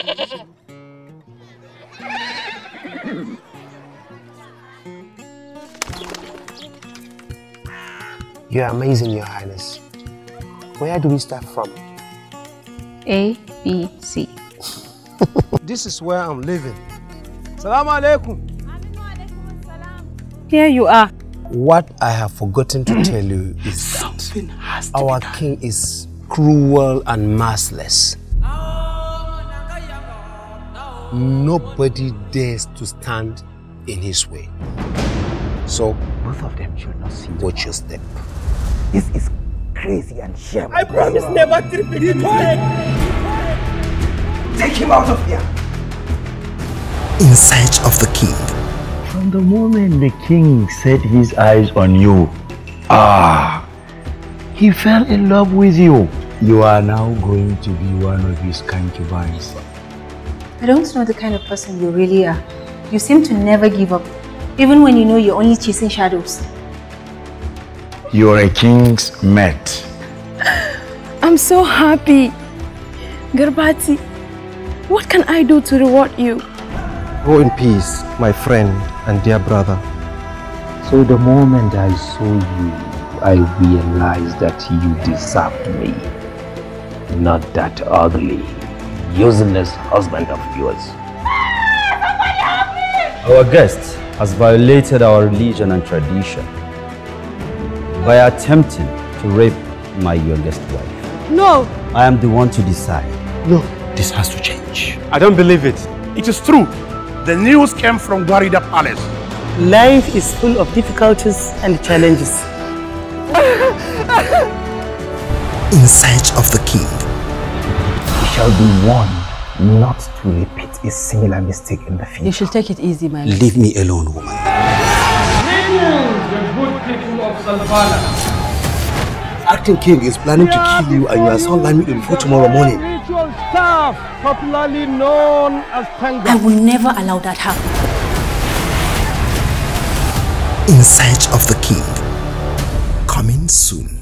You are amazing, Your Highness. Where do we start from? A, B, C. this is where I'm living. Salaam alaikum. Here you are. What I have forgotten to tell you is that our king is cruel and merciless nobody dares to stand in his way. So, both of them should not see. Watch your step. This is crazy and shameful. I promise never to repeat it. Take him out of here. In search of the king. From the moment the king set his eyes on you, ah, he fell in love with you. You are now going to be one of his concubines. I don't know the kind of person you really are. You seem to never give up, even when you know you're only chasing shadows. You're a king's mate. I'm so happy. Garbati, what can I do to reward you? Go in peace, my friend and dear brother. So the moment I saw you, I realized that you deserved me. Not that ugly useless husband of yours. Our guest has violated our religion and tradition by attempting to rape my youngest wife. No! I am the one to decide. No, this has to change. I don't believe it. It is true. The news came from Guarida Palace. Life is full of difficulties and challenges. In search of the king, shall be warned not to repeat a similar mistake in the future. You should take it easy, man. Leave me alone, woman. Acting king is planning to kill you and you are so limit before tomorrow morning. popularly known as I will never allow that happen in search of the king. Coming soon.